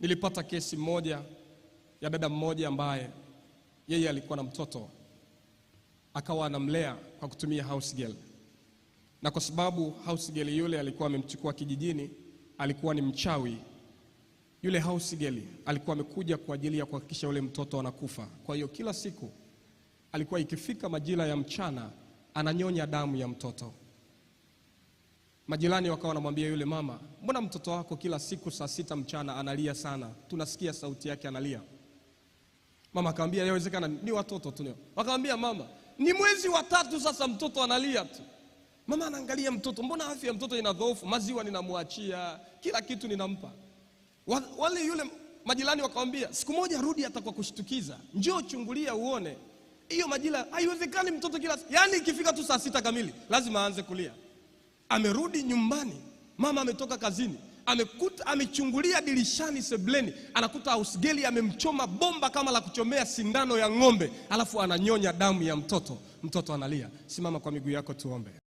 Nilipata kesi moja ya dada mmoja ambaye yeye alikuwa na mtoto akawa anamlea kwa kutumia house girl, na kwa sababu house girl yule alikuwa amemchukua kijijini, alikuwa ni mchawi yule. House girl alikuwa amekuja kwa ajili ya kuhakikisha yule mtoto anakufa. Kwa hiyo kila siku alikuwa ikifika majira ya mchana ananyonya damu ya mtoto. Majirani wakawa wanamwambia yule mama, mbona mtoto wako kila siku saa sita mchana analia sana, tunasikia sauti yake analia. Mama akamwambia yawezekana ni watoto tu. Wakamwambia mama, ni mwezi wa tatu sasa mtoto analia tu. Mama anaangalia mtoto, mbona afya ya mtoto ina dhoofu? Maziwa ninamwachia, kila kitu ninampa. Wale yule majirani wakamwambia, siku moja rudi hata kwa kushtukiza, njoo chungulia uone. Hiyo majira haiwezekani, mtoto kila, yani, ikifika tu saa sita kamili lazima aanze kulia amerudi nyumbani, mama ametoka kazini, amekuta amechungulia dirishani sebleni, anakuta ausgeli amemchoma bomba kama la kuchomea sindano ya ng'ombe, alafu ananyonya damu ya mtoto, mtoto analia. Simama kwa miguu yako tuombe.